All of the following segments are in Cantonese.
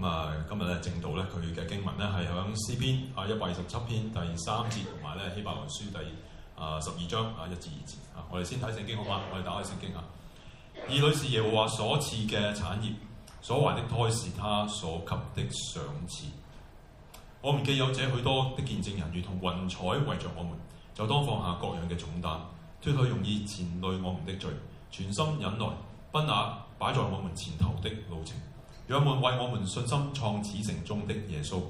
咁啊，今日咧正道咧，佢嘅經文咧係響詩篇啊一百二十七篇第三節，同埋咧希伯來書第啊十二章啊一至二節啊。我哋先睇聖經好嗎？我哋打開聖經啊。兒女是耶和華所賜嘅產業，所懷的胎是祂所給的賞賜。我們既有這許多的見證人，如同雲彩圍著我們，就當放下各樣嘅重擔，脫去容易纏累我們的罪，全心忍耐，不拿擺在我們前頭的路程。讓我們為我們信心創始成終的耶穌，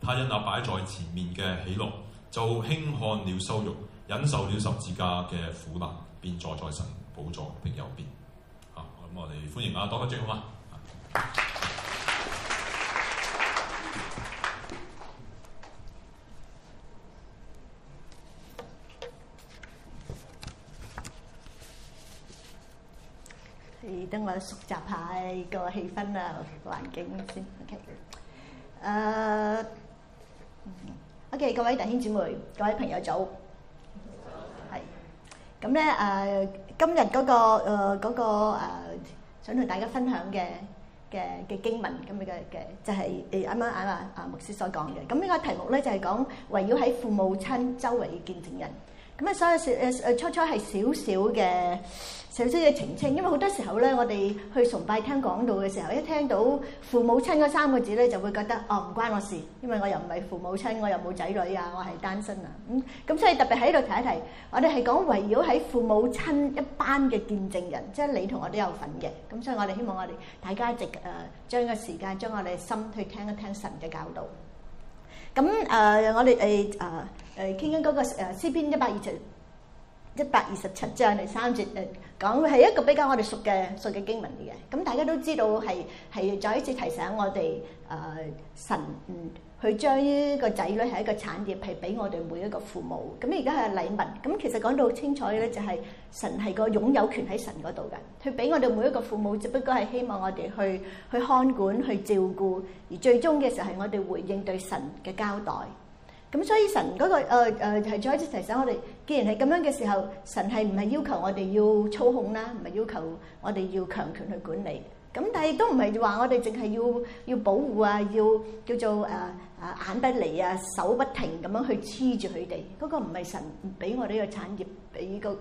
他因那擺在前面嘅喜樂，就輕看了羞辱，忍受了十字架嘅苦難，便坐在神寶座的右邊。啊，咁我哋歡迎啊，多得最好嗎？而等我熟習下個氣氛啊環境先。OK，誒，OK，各位弟兄姊妹，各位朋友早，係。咁咧誒，今日嗰個誒嗰個誒，想同大家分享嘅嘅嘅經文咁樣嘅嘅，就係誒啱啱啊啊牧師所講嘅。咁呢個題目咧就係講圍繞喺父母親周圍嘅見證人。咁啊，所以誒誒初初係少少嘅少少嘅澄清，因為好多時候咧，我哋去崇拜聽講道嘅時候，一聽到父母親嗰三個字咧，就會覺得哦唔關我事，因為我又唔係父母親，我又冇仔女啊，我係單身啊，咁咁所以特別喺度提一提，我哋係講，圍繞喺父母親一班嘅見證人，即係你同我都有份嘅，咁所以我哋希望我哋大家一齊誒將個時間，將我哋心去聽一聽神嘅教導。咁誒，我哋誒誒。誒，傾緊嗰個誒《詩篇》一百二七一百二十七章第三節誒，講係一個比較我哋熟嘅熟嘅經文嚟嘅。咁大家都知道係係再一次提醒我哋誒神，嗯，去將呢個仔女係一個產業，係俾我哋每一個父母。咁而家係禮物。咁其實講到好清楚咧，就係神係個擁有權喺神嗰度嘅，佢俾我哋每一個父母，只不過係希望我哋去去看管、去照顧，而最終嘅時候係我哋回應對神嘅交代。咁所以神嗰個誒誒係再一次提醒我哋，既然係咁樣嘅時候，神係唔係要求我哋要操控啦，唔係要求我哋要強權去管理。咁但係都唔係話我哋淨係要要保護啊，要叫做誒誒眼不離啊，手不停咁樣去黐住佢哋。嗰個唔係神俾我哋呢個產業俾個誒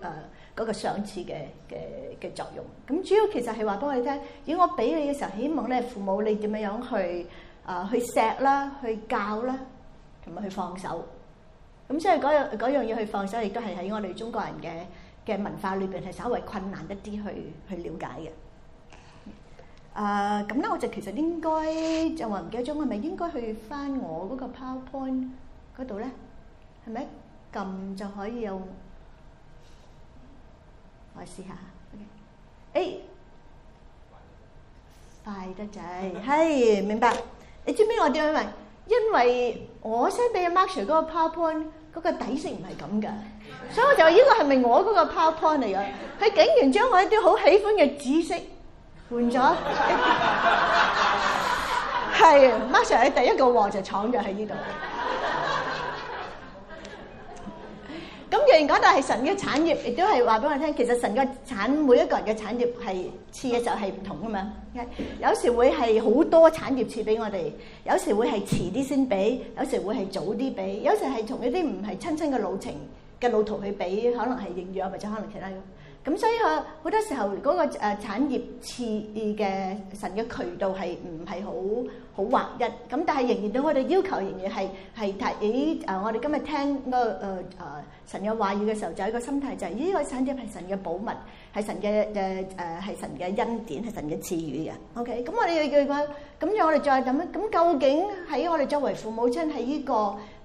嗰個賞賜嘅嘅嘅作用。咁主要其實係話俾你聽，如果我俾你嘅時候，希望咧父母你點樣樣去誒去錫啦，去教啦。同埋去放手，咁所以嗰樣嗰樣嘢去放手，亦都係喺我哋中國人嘅嘅文化裏邊係稍微困難一啲去去了解嘅。啊，咁咧我就其實應該就話唔記得咗，我係咪應該去翻我嗰個 PowerPoint 嗰度咧？係咪？撳就可以用，我試下。誒，快得滯，係，明白。誒，你知唔知我點樣？因為我先俾阿 Marshall 嗰個 PowerPoint 嗰個底色唔係咁㗎，所以我就話呢個係咪我嗰個 PowerPoint 嚟㗎？佢竟然將我一啲好喜歡嘅紫色換咗，係 Marshall 喺第一個鑊就闖咗喺呢度。咁既然講到係神嘅產業，亦都係話俾我聽，其實神嘅產每一個人嘅產業係似嘅就係唔同噶嘛。有時會係好多產業賜俾我哋，有時會係遲啲先俾，有時會係早啲俾，有時係從一啲唔係親親嘅路程嘅路途去俾，可能係應約或者可能其他。咁所以佢好多時候嗰個誒產業賜嘅神嘅渠道係唔係好好劃一？咁但係仍然對我哋要求仍然係係提咦誒！我哋今日聽嗰個誒誒神嘅話語嘅時候，就係一個心態就係：咦，呢個產業係神嘅寶物，係神嘅誒誒係神嘅恩典，係神嘅賜予嘅。OK，咁我哋要要講，咁我哋再咁樣，咁究竟喺我哋作為父母親喺呢個？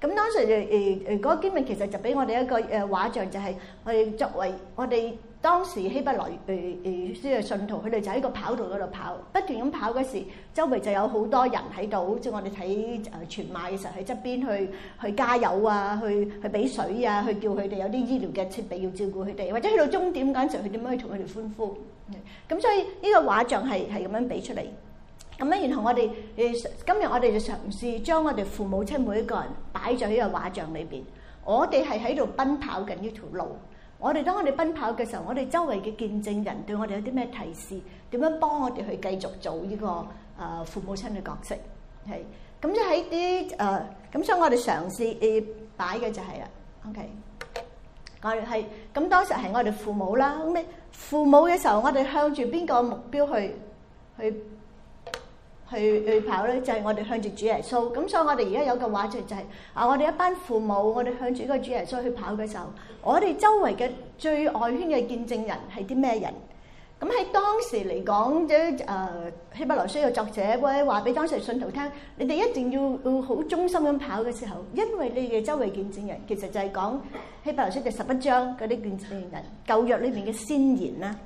咁當時誒誒誒嗰個經歷其實就俾我哋一個誒畫像，就係我哋作為我哋當時希伯來誒誒書嘅信徒，佢哋就喺個跑道嗰度跑，不斷咁跑嗰時，周圍就有好多人喺度，好似我哋睇誒全馬嘅時候喺側邊去去加油啊，去去俾水啊，去叫佢哋有啲醫療嘅設備要照顧佢哋，或者去到終點嗰陣時，佢點樣去同佢哋歡呼。咁所以呢個畫像係係咁樣俾出嚟。咁樣，然後我哋誒今日我哋就嘗試將我哋父母親每一個人擺咗喺個畫像裏邊。我哋係喺度奔跑緊呢條路。我哋當我哋奔跑嘅時候，我哋周圍嘅見證人對我哋有啲咩提示？點樣幫我哋去繼續做呢個誒父母親嘅角色？係咁就喺啲誒咁，所以我哋嘗試誒擺嘅就係啦。OK，我哋係咁當時係我哋父母啦。咁你父母嘅時候，我哋向住邊個目標去去？去去跑咧，就係、是、我哋向住主耶穌。咁所以我哋而家有個話題，就就係啊，我哋一班父母，我哋向住嗰個主耶穌去跑嘅時候，我哋周圍嘅最外圈嘅見證人係啲咩人？咁喺當時嚟講，啲誒希伯來書嘅作者或者話俾當時信徒聽：你哋一定要好忠心咁跑嘅時候，因為你嘅周圍見證人其實就係講希伯來書嘅十一章嗰啲見證人，舊約裏面嘅先言啦。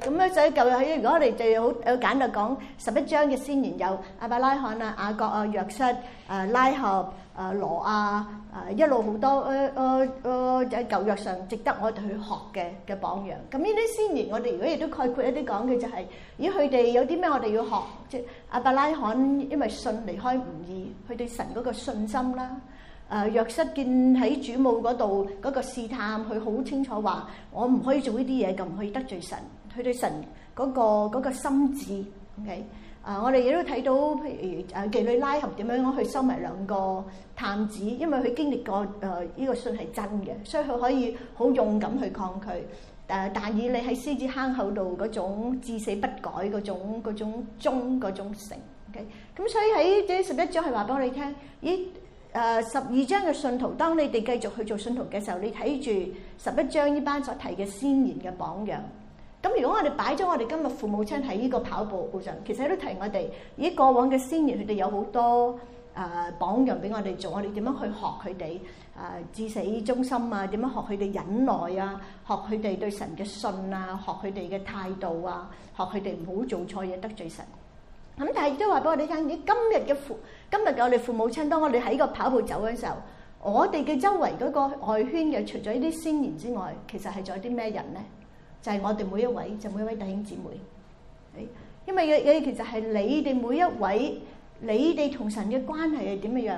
咁咧，所以舊約喺，如果我哋就要好簡單講，十一章嘅先賢有亞伯拉罕啊、亞各啊、約瑟、誒拉合、誒羅啊、誒一路好多誒誒誒喺舊約上值得我哋去學嘅嘅榜樣。咁呢啲先賢，我哋如果亦都概括一啲講嘅就係，咦，佢哋有啲咩我哋要學，即係亞伯拉罕因為信離開吳義，佢對神嗰個信心啦。誒約瑟見喺主母嗰度嗰個試探，佢好清楚話：我唔可以做呢啲嘢，就唔可以得罪神。佢對神嗰個嗰個心志，OK 啊！我哋亦都睇到，譬如誒妓女拉合點樣去收埋兩個探子，因為佢經歷過誒呢個信係真嘅，所以佢可以好勇敢去抗拒。誒，但以理喺獅子坑口度嗰種至死不改嗰種嗰種忠嗰種誠，OK 咁，所以喺呢十一章係話俾我哋聽，咦誒十二章嘅信徒，當你哋繼續去做信徒嘅時候，你睇住十一章呢班所提嘅先賢嘅榜樣。咁如果我哋擺咗我哋今日父母親喺呢個跑步步上，其實都提我哋，依過往嘅先賢，佢哋有好多誒、呃、榜樣俾我哋做，我哋點樣去學佢哋誒至死忠心啊？點樣學佢哋忍耐啊？學佢哋對神嘅信啊？學佢哋嘅態度啊？學佢哋唔好做錯嘢得罪神。咁但係亦都話俾我哋聽，依今日嘅父，今日嘅我哋父母親，當我哋喺個跑步走嗰陣時候，我哋嘅周圍嗰個外圈嘅，除咗呢啲先賢之外，其實係仲有啲咩人咧？就係我哋每一位，就每一位弟兄姊妹。誒，因為嘅嘅其實係你哋每一位，你哋同神嘅關係係點樣樣？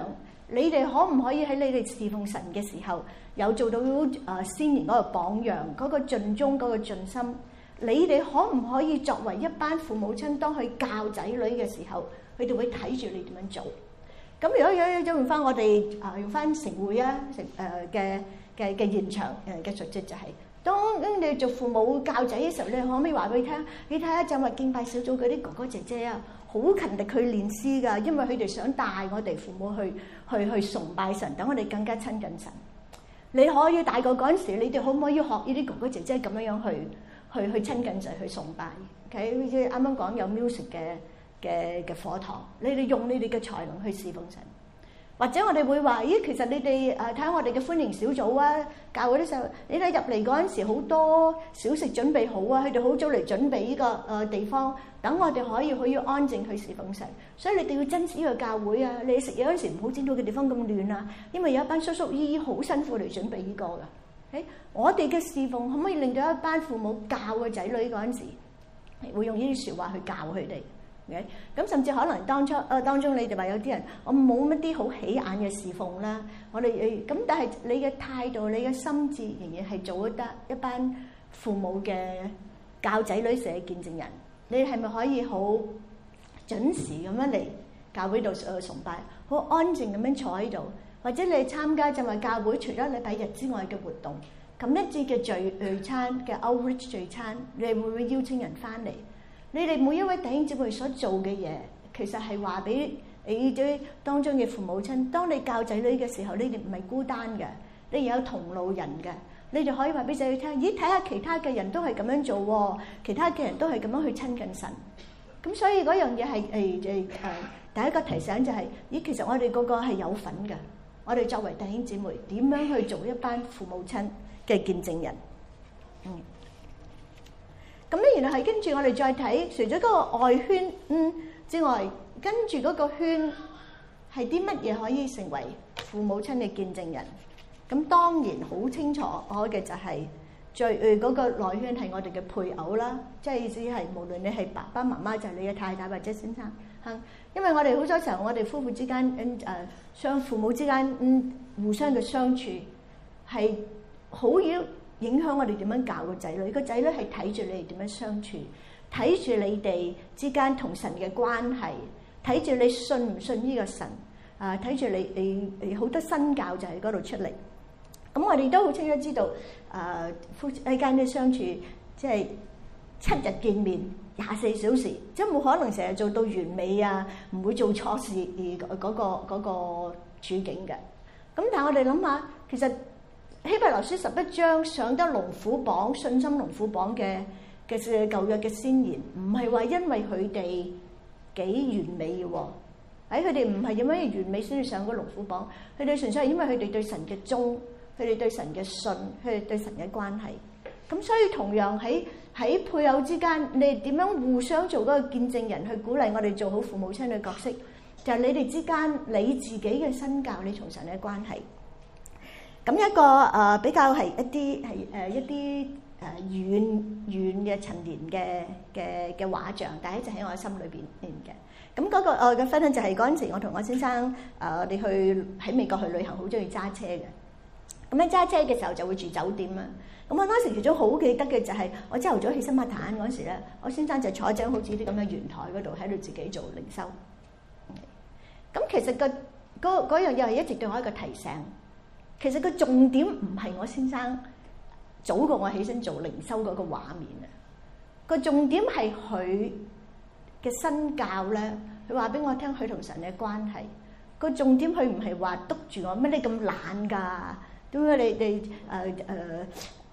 你哋可唔可以喺你哋侍奉神嘅時候，有做到誒先賢嗰個榜樣，嗰個盡忠嗰個盡心？你哋可唔可以作為一班父母親，當佢教仔女嘅時候，佢哋會睇住你點樣做？咁如果用翻我哋啊用翻成會啊成誒嘅嘅嘅現場誒嘅述職就係。當你做父母教仔嘅時候，你可唔可以話畀佢聽？你睇下就係敬拜小組嗰啲哥哥姐姐啊，好勤力去練詩㗎，因為佢哋想帶我哋父母去去去崇拜神，等我哋更加親近神。你可以大個嗰陣時，你哋可唔可以學呢啲哥哥姐姐咁樣樣去去去親近神去崇拜？喺啱啱講有 music 嘅嘅嘅課堂，你哋用你哋嘅才能去侍奉神。或者我哋會話，咦？其實你哋睇下我哋嘅歡迎小組啊，教會嘅時候，你睇入嚟嗰陣時好多小食準備好啊，佢哋好早嚟準備呢個地方，等我哋可以可以安靜去侍奉神。所以你哋要珍惜呢個教會啊！你食嘢嗰時唔好整到嘅地方咁亂啊！因為有一班叔叔姨姨好辛苦嚟準備呢、這個噶、哎。我哋嘅侍奉可唔可以令到一班父母教個仔女嗰陣時，會用呢啲說話去教佢哋？咁甚至可能當初啊，當中你哋話有啲人我冇乜啲好起眼嘅侍奉啦，我哋咁，但係你嘅態度、你嘅心智，仍然係做得一班父母嘅教仔女時嘅見證人。你係咪可以好準時咁樣嚟教會度誒崇拜，好安靜咁樣坐喺度，或者你參加就話教會除咗禮拜日之外嘅活動，咁一節嘅聚聚餐嘅 outreach 聚，聚餐，你會唔會邀請人翻嚟？你哋每一位弟兄姊妹所做嘅嘢，其實係話俾你哋當中嘅父母親，當你教仔女嘅時候，你哋唔係孤單嘅，你有同路人嘅，你就可以話俾仔女聽咦，睇下其他嘅人都係咁樣做的，其他嘅人都係咁樣去親近神。咁所以嗰樣嘢係誒誒誒第一個提醒就係、是、咦，其實我哋個個係有份嘅，我哋作為弟兄姊妹點樣去做一班父母親嘅見證人？咁咧，原來係跟住我哋再睇，除咗嗰個外圈嗯，之外，跟住嗰個圈係啲乜嘢可以成為父母親嘅見證人？咁當然好清楚我嘅就係最嗰個內圈係我哋嘅配偶啦，即係意思係無論你係爸爸媽媽，就係你嘅太太或者先生，因為我哋好多時候我哋夫婦之間嗯，誒，相父母之間嗯，互相嘅相處係好要。影響我哋點樣教個仔女，個仔女係睇住你哋點樣相處，睇住你哋之間同神嘅關係，睇住你信唔信呢個神啊，睇住你你好多新教就喺嗰度出嚟。咁我哋都好清楚知道，誒夫妻間嘅相處，即係七日見面廿四小時，即係冇可能成日做到完美啊，唔會做錯事嗰個嗰個處境嘅。咁但係我哋諗下，其實。希伯來書十一章，上得龍虎榜、信心龍虎榜嘅嘅嘅舊約嘅先賢，唔係話因為佢哋幾完美嘅喎，喺佢哋唔係點樣完美先至上個龍虎榜，佢哋純粹係因為佢哋對神嘅忠，佢哋對神嘅信，佢哋對神嘅關係。咁所以同樣喺喺配偶之間，你哋點樣互相做嗰個見證人去鼓勵我哋做好父母親嘅角色，就係、是、你哋之間你自己嘅身教，你同神嘅關係。咁一個誒比較係一啲係誒一啲誒遠遠嘅陳年嘅嘅嘅畫像，但係一直喺我心裏邊邊嘅。咁嗰個我嘅分享就係嗰陣時，我同我先生誒，我哋去喺美國去旅行，好中意揸車嘅。咁樣揸車嘅時候就會住酒店啊。咁我當時住咗好記得嘅就係我朝頭早起身抹痰嗰陣時咧，我先生就坐張好似啲咁嘅圓台嗰度喺度自己做靈修。咁其實個嗰嗰樣嘢係一直對我一個提醒。其實個重點唔係我先生早過我起身做靈修嗰個畫面啊，個重點係佢嘅身教咧，佢話俾我聽佢同神嘅關係。個重點佢唔係話督住我，乜你咁懶㗎？點解你哋。誒誒？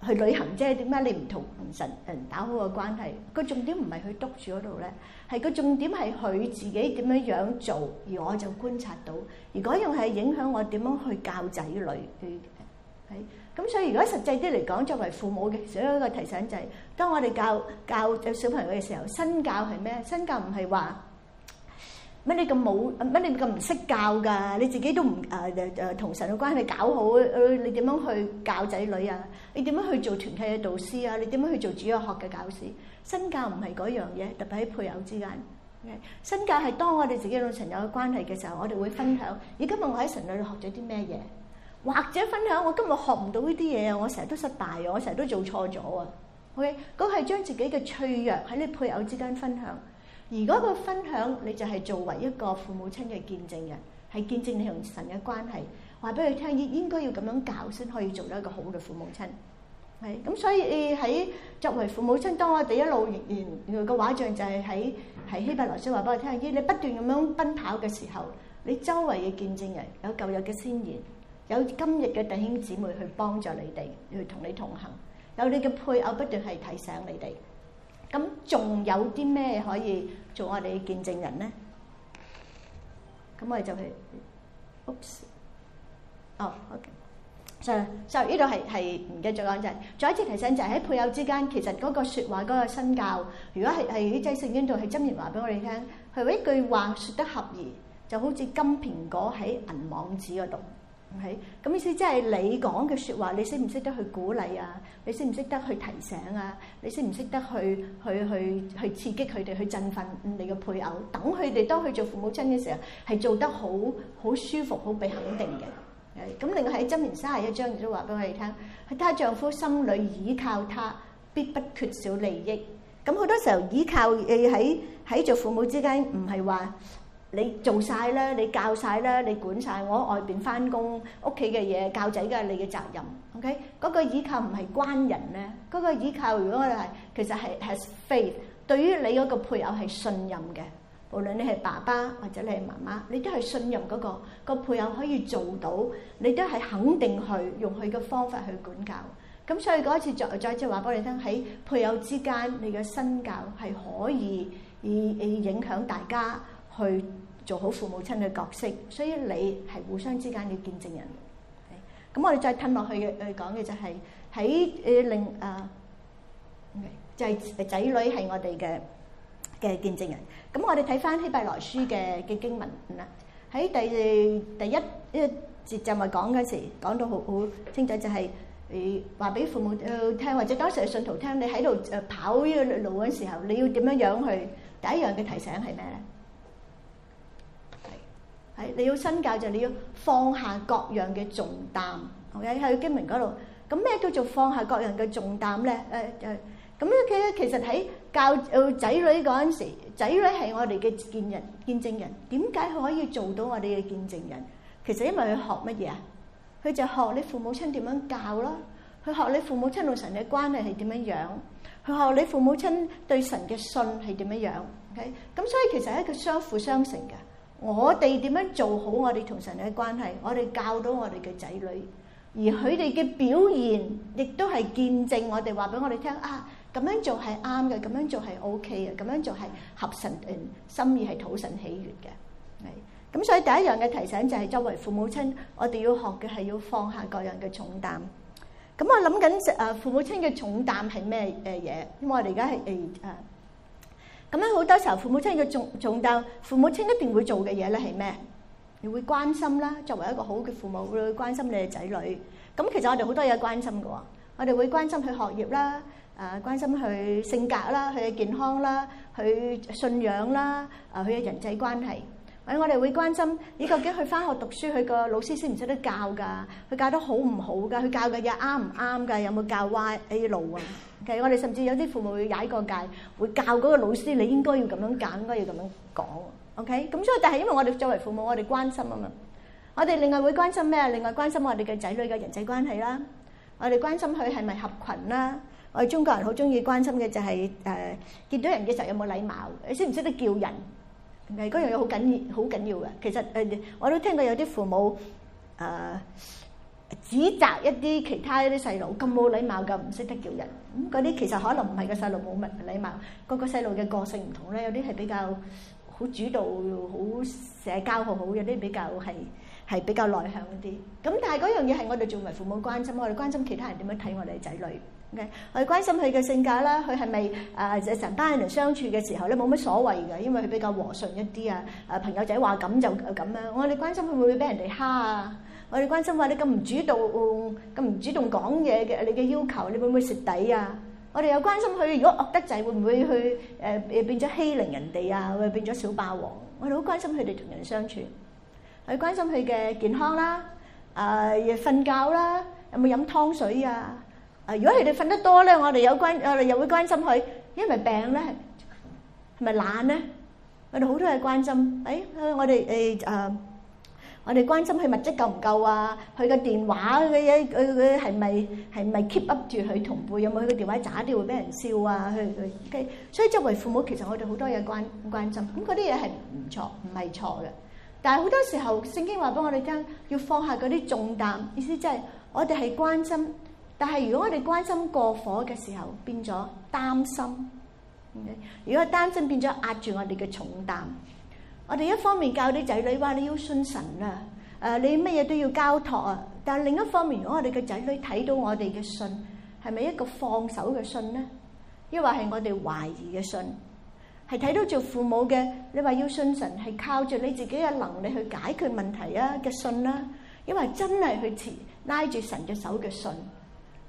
去旅行即係點解你唔同神人打好個關係，個重點唔係去督住嗰度咧，係個重點係佢自己點樣樣做，而我就觀察到。如果用係影響我點樣去教仔女，係咁。所以如果實際啲嚟講，作為父母嘅，所有一個提醒就係、是，當我哋教教小朋友嘅時候，身教係咩？身教唔係話。乜你咁冇？乜你咁唔識教㗎？你自己都唔誒誒誒同神嘅關係搞好？誒你點樣去教仔女啊？你點樣去做團體嘅導師啊？你點樣去做主日學嘅教師？身教唔係嗰樣嘢，特別喺配偶之間。身教係當我哋自己同神有關係嘅時候，我哋會分享。而今日我喺神裏面學咗啲咩嘢？或者分享我今日學唔到呢啲嘢啊！我成日都失敗啊，我成日都做錯咗啊！O K，嗰係將自己嘅脆弱喺你配偶之間分享。如果佢分享，你就係作為一個父母親嘅見證人，係見證你同神嘅關係話俾佢聽，應應該要咁樣教先可以做到一個好嘅父母親，係，咁，所以喺作為父母親當我哋一路然原來個畫像就係喺喺希伯來書話俾佢聽，咦，你不斷咁樣奔跑嘅時候，你周圍嘅見證人有舊日嘅先賢，有今日嘅弟兄姊妹去幫助你哋，去同你同行，有你嘅配偶不斷係提醒你哋。咁仲有啲咩可以做我哋嘅見證人咧？咁我哋就去，oops，哦，OK，sorry sorry，呢度係係唔繼續講，就係再一次提醒，就係喺配偶之間，其實嗰個説話嗰個身教，如果係係喺聖經度係箴言話俾我哋聽，係一句話説得合宜，就好似金蘋果喺銀網子嗰度。係，咁意思即係你講嘅説話，你識唔識得去鼓勵啊？你識唔識得去提醒啊？你識唔識得去去去去刺激佢哋去振奮你嘅配偶？等佢哋當佢做父母親嘅時候，係做得好好舒服、好被肯定嘅。誒，咁另外喺箴言三十一章亦都話俾我哋聽，佢她丈夫心裏倚靠他，必不缺少利益。咁好多時候倚靠誒喺喺做父母之間，唔係話。你做晒啦，你教晒啦，你管晒。我喺外邊翻工，屋企嘅嘢教仔嘅係你嘅責任。OK，嗰個依靠唔係關人咧，嗰、嗰個依靠如果係其實係 has faith。對於你嗰個配偶係信任嘅，無論你係爸爸或者你係媽媽，你都係信任嗰、嗰個、嗰個配偶可以做到，你都係肯定去用佢嘅方法去管教。咁所以嗰一次再再即係話俾你聽，喺配偶之間，你嘅身教係可以以影響大家。去做好父母親嘅角色，所以你係互相之間嘅見證人。咁我哋再褪落去嘅講嘅就係喺誒令啊，就係仔女係我哋嘅嘅見證人。咁我哋睇翻希伯來書嘅嘅經文啦，喺第第一一節就咪講嗰時講到好好清楚，就係誒話俾父母聽，或者當時係信徒聽，你喺度誒跑呢個路嗰時候，你要點樣樣去第一樣嘅提醒係咩咧？係，你要身教就你要放下各樣嘅重擔。O K 喺經明嗰度，咁咩叫做放下各樣嘅重擔咧？誒誒，咁咧佢咧其實喺教仔女嗰陣時，仔女係我哋嘅見人見證人。點解佢可以做到我哋嘅見證人？其實因為佢學乜嘢啊？佢就學你父母親點樣教啦。佢學你父母親同神嘅關係係點樣樣。佢學你父母親對神嘅信係點樣樣。O K，咁所以其實係一個相輔相成嘅。我哋點樣做好我哋同神嘅關係？我哋教到我哋嘅仔女，而佢哋嘅表現亦都係見證我哋話俾我哋聽啊，咁樣做係啱嘅，咁樣做係 OK 嘅，咁樣做係合神嗯心意係討神喜悅嘅。係咁，所以第一樣嘅提醒就係作為父母親，我哋要學嘅係要放下各樣嘅重擔。咁我諗緊誒父母親嘅重擔係咩誒嘢？因為我哋而家係誒。咁樣好多時候，父母親嘅重重擔，父母親一定會做嘅嘢咧係咩？你會關心啦，作為一個好嘅父母，會關心你嘅仔女。咁其實我哋好多嘢關心㗎喎，我哋會關心佢學業啦，誒，關心佢性格啦，佢嘅健康啦，佢信仰啦，誒，佢嘅人際關係。喂，我哋會關心，你究竟去返學讀書，佢個老師識唔識得教噶？佢教得好唔好噶？佢教嘅嘢啱唔啱噶？有冇教歪誒路啊？其實我哋甚至有啲父母會踩過界，會教嗰個老師，你應該要咁樣講，應該要咁樣講。OK，咁所以但係因為我哋作為父母，我哋關心啊嘛。我哋另外會關心咩啊？另外關心我哋嘅仔女嘅人際關係啦。我哋關心佢係咪合羣啦。我哋中國人好中意關心嘅就係誒，見到人嘅時候有冇禮貌？你識唔識得叫人？唔係嗰樣嘢好緊要好緊要嘅，其實誒我都聽過有啲父母誒、呃、指責一啲其他一啲細路咁冇禮貌，咁唔識得叫人，咁嗰啲其實可能唔係個細路冇乜禮貌，個個細路嘅個性唔同咧，有啲係比較好主導、好社交好好，有啲比較係係比較內向啲，咁但係嗰樣嘢係我哋做為父母關心，我哋關心其他人點樣睇我哋仔女。我哋關心佢嘅性格啦，佢係咪誒成班人相處嘅時候咧，冇乜所謂嘅，因為佢比較和順一啲啊。誒朋友仔話咁就咁啦。我哋關心佢會唔會俾人哋蝦啊？我哋關心話你咁唔主動，咁唔主動講嘢嘅，你嘅要求你會唔會蝕底啊？我哋又關心佢如果惡得滯，會唔會去誒誒變咗欺凌人哋啊？會變咗小霸王？我哋好關心佢哋同人相處，我哋關心佢嘅健康啦，誒瞓覺啦，有冇飲湯水啊？啊！如果佢哋瞓得多咧，我哋有關我哋又會關心佢，因為病咧，係咪懶咧？我哋好多嘢關心。誒，我哋誒誒，我哋關心佢物質夠唔夠啊？佢個電話嘅嘢，佢佢係咪係咪 keep up 住佢同輩？有冇佢個電話渣掉，會俾人笑啊？佢佢，所以作為父母，其實我哋好多嘢關關心。咁嗰啲嘢係唔錯，唔係錯嘅。但係好多時候，聖經話俾我哋聽，要放下嗰啲重擔。意思即係，我哋係關心。但係，如果我哋關心過火嘅時候，變咗擔心；okay? 如果擔心變咗壓住我哋嘅重擔，我哋一方面教啲仔女話你要信神啦，誒，你乜嘢都要交託啊。但係另一方面，如果我哋嘅仔女睇到我哋嘅信，係咪一個放手嘅信呢？亦或係我哋懷疑嘅信？係睇到做父母嘅，你話要信神，係靠住你自己嘅能力去解決問題的啊嘅信啦，亦或真係去持拉住神嘅手嘅信？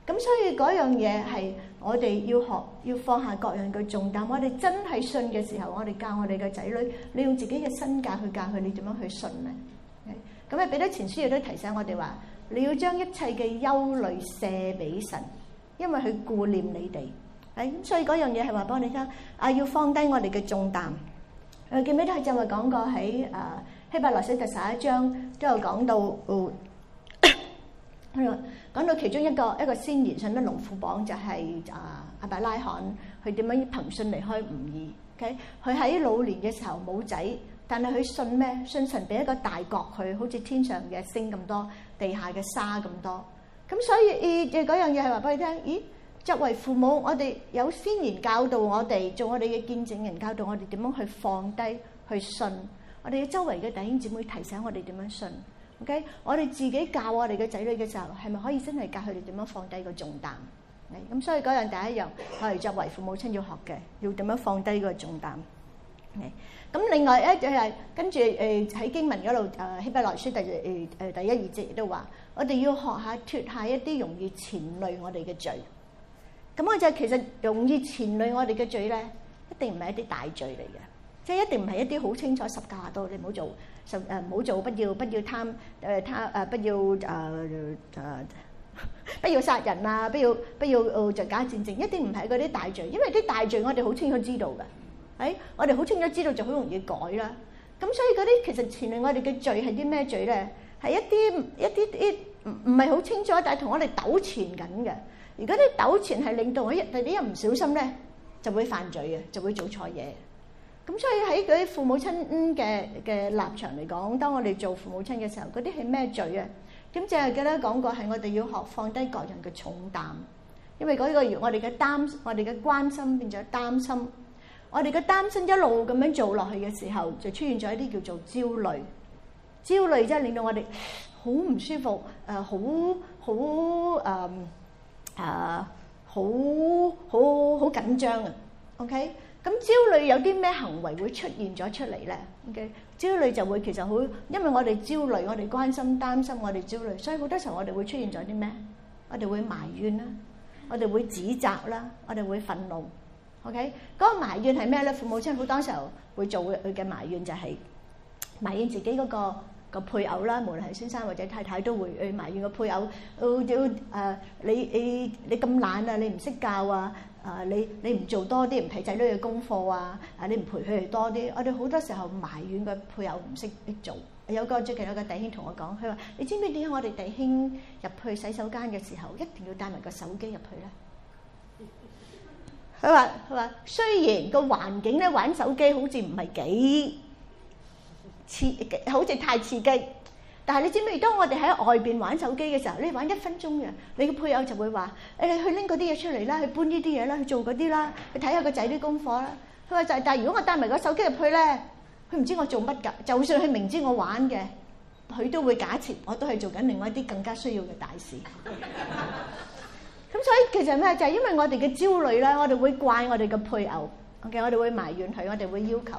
咁所以嗰樣嘢係我哋要學要放下各樣嘅重擔。我哋真係信嘅時候，我哋教我哋嘅仔女，你用自己嘅身教去教佢，你點樣去信咧？咁咧，彼得前書亦都提醒我哋話，你要將一切嘅憂慮卸俾神，因為佢顧念你哋。誒，咁所以嗰樣嘢係話幫你聽啊，要放低我哋嘅重擔。誒，記唔記得？就話講過喺誒希伯來書十一章，都有講到。講到其中一個一個先賢信德龍虎榜就係、是、啊亞伯拉罕，佢點樣憑信離開吾珥？佢喺、okay? 老年嘅時候冇仔，但係佢信咩？信神俾一個大國佢，好似天上嘅星咁多，地下嘅沙咁多。咁所以誒嗰樣嘢係話俾你聽。咦，作為父母，我哋有先賢教導我哋做我哋嘅見證人，教導我哋點樣去放低去信。我哋嘅周圍嘅弟兄姊妹提醒我哋點樣信。Okay? 我哋自己教我哋嘅仔女嘅時候，係咪可以真係教佢哋點樣放低個重擔？咁、okay? 所以嗰樣第一樣我哋作為父母親要學嘅，要點樣放低個重擔？咁、okay? 另外一就係、是、跟住誒喺經文嗰度誒希伯來書第誒誒、呃、第一二節亦都話，我哋要學下脱下一啲容易纏累我哋嘅罪。咁我就是、其實容易纏累我哋嘅罪咧，一定唔係一啲大罪嚟嘅，即、就、係、是、一定唔係一啲好清楚十戒話到你唔好做。就誒唔好做，不要不要貪誒貪誒不要誒誒不要殺人啊！不要不要作假見證，一定唔係嗰啲大罪，因為啲大罪我哋好清楚知道嘅。誒，我哋好清楚知道就好容易改啦。咁所以嗰啲其實前我哋嘅罪係啲咩罪咧？係一啲一啲啲唔唔係好清楚，但係同我哋糾纏緊嘅。而嗰啲糾纏係令到一啲人唔小心咧，就會犯罪啊，就會做錯嘢。咁所以喺佢啲父母親嘅嘅立場嚟講，當我哋做父母親嘅時候，嗰啲係咩罪啊？咁就記得講過係我哋要學放低各人嘅重擔，因為嗰個月我哋嘅擔，我哋嘅關心變咗擔心，我哋嘅擔心一路咁樣做落去嘅時候，就出現咗一啲叫做焦慮，焦慮即係令到我哋好唔舒服，誒好好誒誒好好好緊張啊緊張，OK？咁焦慮有啲咩行為會出現咗出嚟咧？OK。焦慮就會其實好，因為我哋焦慮，我哋關心、擔心，我哋焦慮，所以好多時候我哋會出現咗啲咩？我哋會埋怨啦，我哋會指責啦，我哋會憤怒。OK。嗰個埋怨係咩咧？父母親好多時候會做佢嘅埋怨就係、是、埋怨自己嗰、那個。個配偶啦，無論係先生或者太太，都會去埋怨個配偶，要要誒，你你你咁懶啊，你唔識教啊，啊你你唔做多啲，唔睇仔女嘅功課啊，啊你唔陪佢哋多啲。我哋好多時候埋怨個配偶唔識啲做。有個最近有個弟兄同我講，佢話：你知唔知點解我哋弟兄入去洗手間嘅時候，一定要帶埋個手機入去咧？佢話佢話，雖然個環境咧，玩手機好似唔係幾。刺好似太刺激，但係你知唔知？當我哋喺外邊玩手機嘅時候，你玩一分鐘嘅，你嘅配偶就會話：誒，你去拎嗰啲嘢出嚟啦，去搬呢啲嘢啦，去做嗰啲啦，去睇下個仔啲功課啦。佢話就但係如果我帶埋個手機入去咧，佢唔知我做乜㗎，就算佢明知我玩嘅，佢都會假設我都係做緊另外一啲更加需要嘅大事。咁 所以其實咩？就係因為我哋嘅焦慮啦，我哋會怪我哋嘅配偶，嘅我哋會埋怨佢，我哋會要求。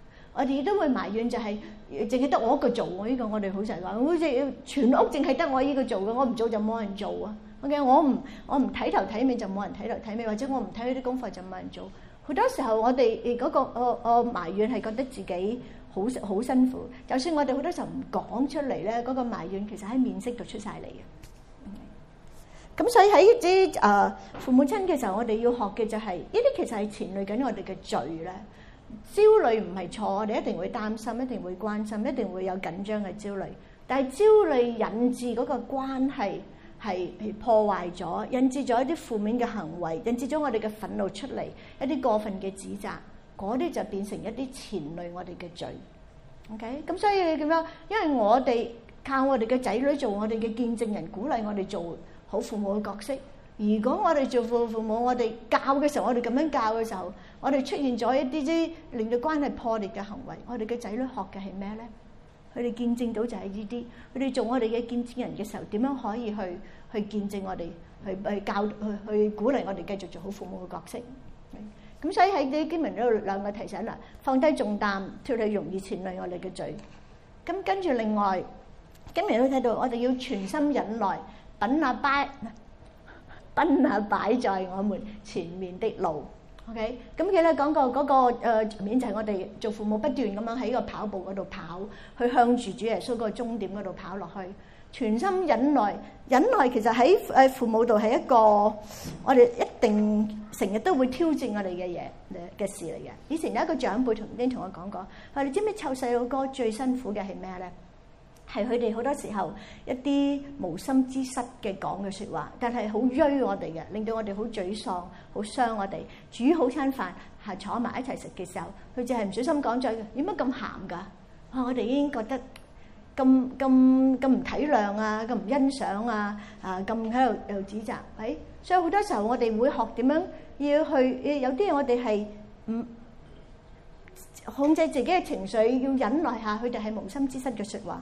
我哋都會埋怨，就係淨係得我一個做，我呢個我哋好齊話，好似全屋淨係得我依個做嘅，我唔做就冇人做啊。OK，我唔我唔睇頭睇尾就冇人睇頭睇尾，或者我唔睇嗰啲功課就冇人做。好多時候我哋嗰個我我埋怨係覺得自己好好辛苦，就算我哋好多時候唔講出嚟咧，嗰個埋怨其實喺面色度出曬嚟嘅。咁所以喺啲誒父母親嘅時候，我哋要學嘅就係呢啲，其實係潛在緊我哋嘅罪咧。焦慮唔係錯，我哋一定會擔心，一定會關心，一定會有緊張嘅焦慮。但係焦慮引致嗰個關係係破壞咗，引致咗一啲負面嘅行為，引致咗我哋嘅憤怒出嚟，一啲過分嘅指責，嗰啲就變成一啲纏累我哋嘅罪。OK，咁所以你咁樣，因為我哋靠我哋嘅仔女做我哋嘅見證人，鼓勵我哋做好父母嘅角色。如果我哋做父父母，我哋教嘅時候，我哋咁樣教嘅時候，我哋出現咗一啲啲令到關係破裂嘅行為，我哋嘅仔女學嘅係咩咧？佢哋見證到就係呢啲，佢哋做我哋嘅見證人嘅時候，點樣可以去去見證我哋，去去教去去鼓勵我哋繼續做好父母嘅角色。咁所以喺呢啲經文呢度兩個提醒啦，放低重擔，脱離容易纏累我哋嘅罪。咁跟住另外，經文都睇到我哋要全心忍耐，品阿爸。奔下擺在我們前面的路，OK，咁佢咧講過嗰個誒面就係、是、我哋做父母不斷咁樣喺個跑步嗰度跑，去向住主耶穌嗰個終點嗰度跑落去，全心忍耐，忍耐其實喺誒父母度係一個我哋一定成日都會挑戰我哋嘅嘢嘅事嚟嘅。以前有一個長輩曾經同我講過，話你知唔知湊細路哥最辛苦嘅係咩咧？係佢哋好多時候一啲無心之失嘅講嘅説話，但係好衰我哋嘅，令到我哋好沮喪，好傷。我哋煮好餐飯係坐埋一齊食嘅時候，佢就係唔小心講咗，點解咁鹹㗎？哇！我哋已經覺得咁咁咁唔體諒啊，咁唔欣賞啊啊，咁喺度又指責。誒，所以好多時候我哋會學點樣要去誒，有啲嘢我哋係唔控制自己嘅情緒，要忍耐下。佢哋係無心之失嘅説話。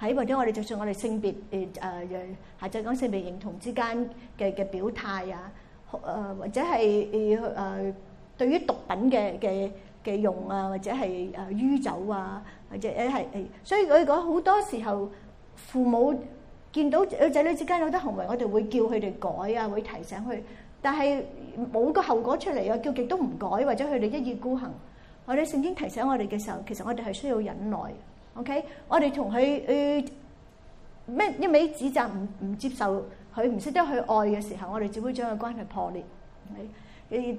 喺或者我哋就算我哋性別誒誒，下晝講性別認同之間嘅嘅表態啊，誒或者係誒對於毒品嘅嘅嘅用啊，或者係誒酗酒啊，或者一係誒，所以我哋講好多時候父母見到佢仔女之間有啲行為，我哋會叫佢哋改啊，會提醒佢，但係冇個後果出嚟啊，叫極都唔改，或者佢哋一意孤行。我哋聖經提醒我哋嘅時候，其實我哋係需要忍耐。OK，我哋同佢，咩一味指責，唔，唔接受佢唔識得去愛嘅時候，我哋只會將個關係破裂。誒，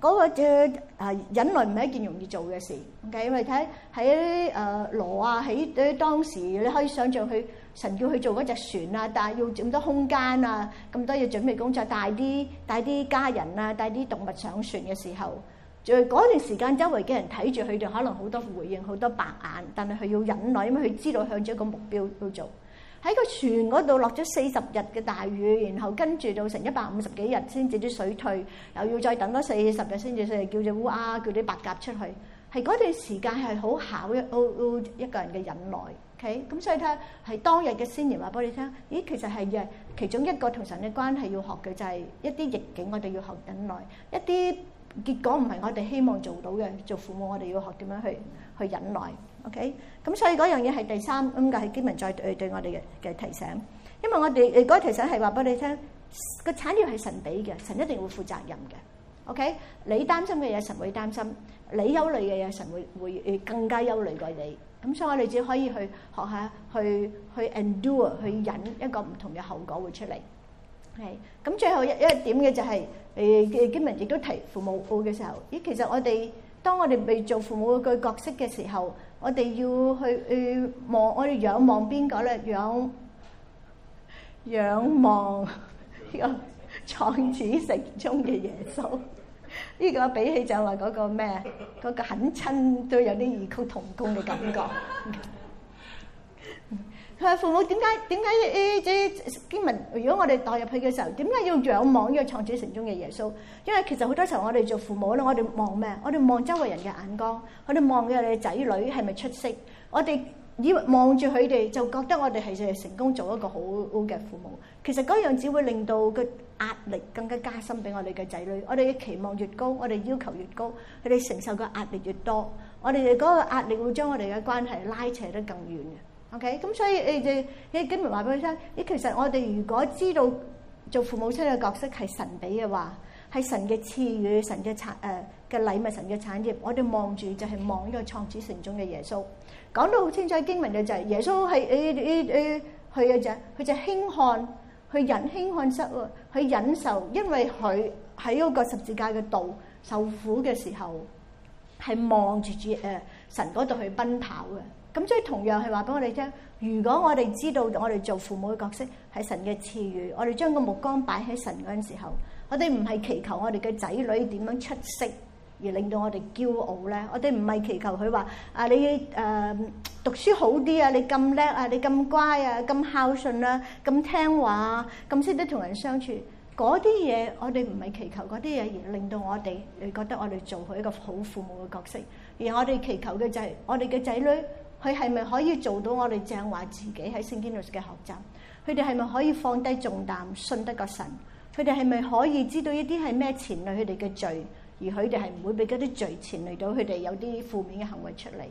嗰個誒啊忍耐唔係一件容易做嘅事。OK，因為睇喺誒挪亞，喺喺當時你可以想像佢神叫佢做嗰隻船啊，但係要咁多空間啊，咁多嘢準備工作，帶啲帶啲家人啊，帶啲動物上船嘅時候。就嗰段時間，周圍嘅人睇住佢哋，可能好多回應，好多白眼，但係佢要忍耐，因為佢知道向住一個目標去做。喺個船嗰度落咗四十日嘅大雨，然後跟住到成一百五十幾日先至啲水退，又要再等多四十日先至叫隻烏鴉叫啲白鴿出去。係嗰段時間係好考一一個人嘅忍耐。OK，咁所以睇下係當日嘅先言話俾你聽。咦，其實係嘅，其中一個同神嘅關係要學嘅就係一啲逆境，我哋要學忍耐，一啲。結果唔係我哋希望做到嘅，做父母我哋要學點樣去去忍耐，OK？咁所以嗰樣嘢係第三咁就係經文再對對我哋嘅嘅提醒，因為我哋嗰個提醒係話俾你聽，個產業係神俾嘅，神一定會負責任嘅，OK？你擔心嘅嘢神會擔心，你憂慮嘅嘢神會會更加憂慮過你，咁所以我哋只可以去學下去去 endure 去忍一個唔同嘅後果會出嚟。係，咁最後一一點嘅就係，誒嘅經文亦都提父母嘅時候，咦，其實我哋當我哋未做父母嗰個角色嘅時候，我哋要去去望，我哋仰望邊個咧？仰仰望呢個創始成終嘅耶穌，呢個比起就話嗰個咩，嗰個親親都有啲異曲同工嘅感覺。佢話：父母點解點解呢啲經文？如果我哋代入去嘅時候，點解要仰望呢個創始成終嘅耶穌？因為其實好多時候我哋做父母咧，我哋望咩？我哋望周圍人嘅眼光，我哋望嘅係我哋嘅仔女係咪出色？我哋以為望住佢哋，就覺得我哋係成功做一個好好嘅父母。其實嗰樣只會令到個壓力更加加深俾我哋嘅仔女。我哋嘅期望越高，我哋要求越高，佢哋承受嘅壓力越多。我哋嘅嗰個壓力會將我哋嘅關係拉扯得更遠嘅。OK，咁所以誒誒，經文話俾佢聽，誒其實我哋如果知道做父母親嘅角色係神俾嘅話，係神嘅賜予，神嘅產誒嘅禮物，神嘅產業，我哋望住就係望呢個創始成終嘅耶穌。講到好清楚，經文就係耶穌係誒誒誒，佢就佢就輕看，佢忍輕看失啊，佢忍受，因為佢喺嗰個十字架嘅道受苦嘅時候，係望住住誒神嗰度去奔跑嘅。咁所以同樣係話俾我哋聽，如果我哋知道我哋做父母嘅角色係神嘅賜予，我哋將個目光擺喺神嗰陣時候，我哋唔係祈求我哋嘅仔女點樣出色而令到我哋驕傲咧，我哋唔係祈求佢話啊你誒讀書好啲啊，你咁叻啊，你咁乖啊，咁孝順啊，咁聽話，咁識得同人相處嗰啲嘢，我哋唔係祈求嗰啲嘢而令到我哋你覺得我哋做佢一個好父母嘅角色，而我哋祈求嘅就係我哋嘅仔女。佢係咪可以做到我哋正話自己喺聖經度嘅學習？佢哋係咪可以放低重擔，信得過神？佢哋係咪可以知道呢啲係咩牽累佢哋嘅罪，而佢哋係唔會俾嗰啲罪牽累到佢哋有啲負面嘅行為出嚟？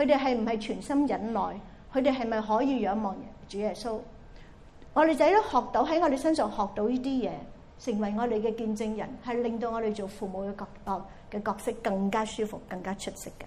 佢哋係唔係全心忍耐？佢哋係咪可以仰望主耶穌？我哋仔都學到喺我哋身上學到呢啲嘢，成為我哋嘅見證人，係令到我哋做父母嘅角嘅角色更加舒服、更加出色嘅。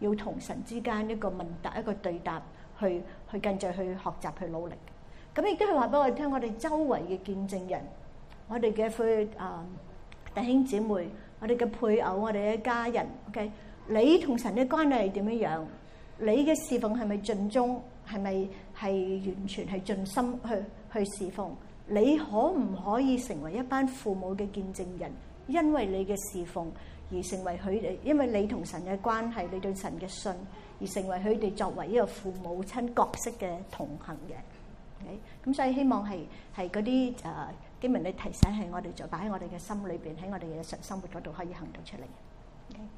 要同神之間一個問答、一個對答，去去跟住去學習、去努力。咁亦都係話俾我哋聽，我哋周圍嘅見證人，我哋嘅父啊、弟兄姊妹，我哋嘅配偶、我哋嘅家人。OK，你同神嘅關係係點樣樣？你嘅侍奉係咪盡忠？係咪係完全係盡心去去侍奉？你可唔可以成為一班父母嘅見證人？因為你嘅侍奉。而成為佢哋，因為你同神嘅關係，你對神嘅信，而成為佢哋作為呢個父母親角色嘅同行嘅，咁、okay? 所以希望係係嗰啲誒經文你提醒喺我哋，就擺喺我哋嘅心裏邊，喺我哋日常生活嗰度可以行到出嚟。Okay?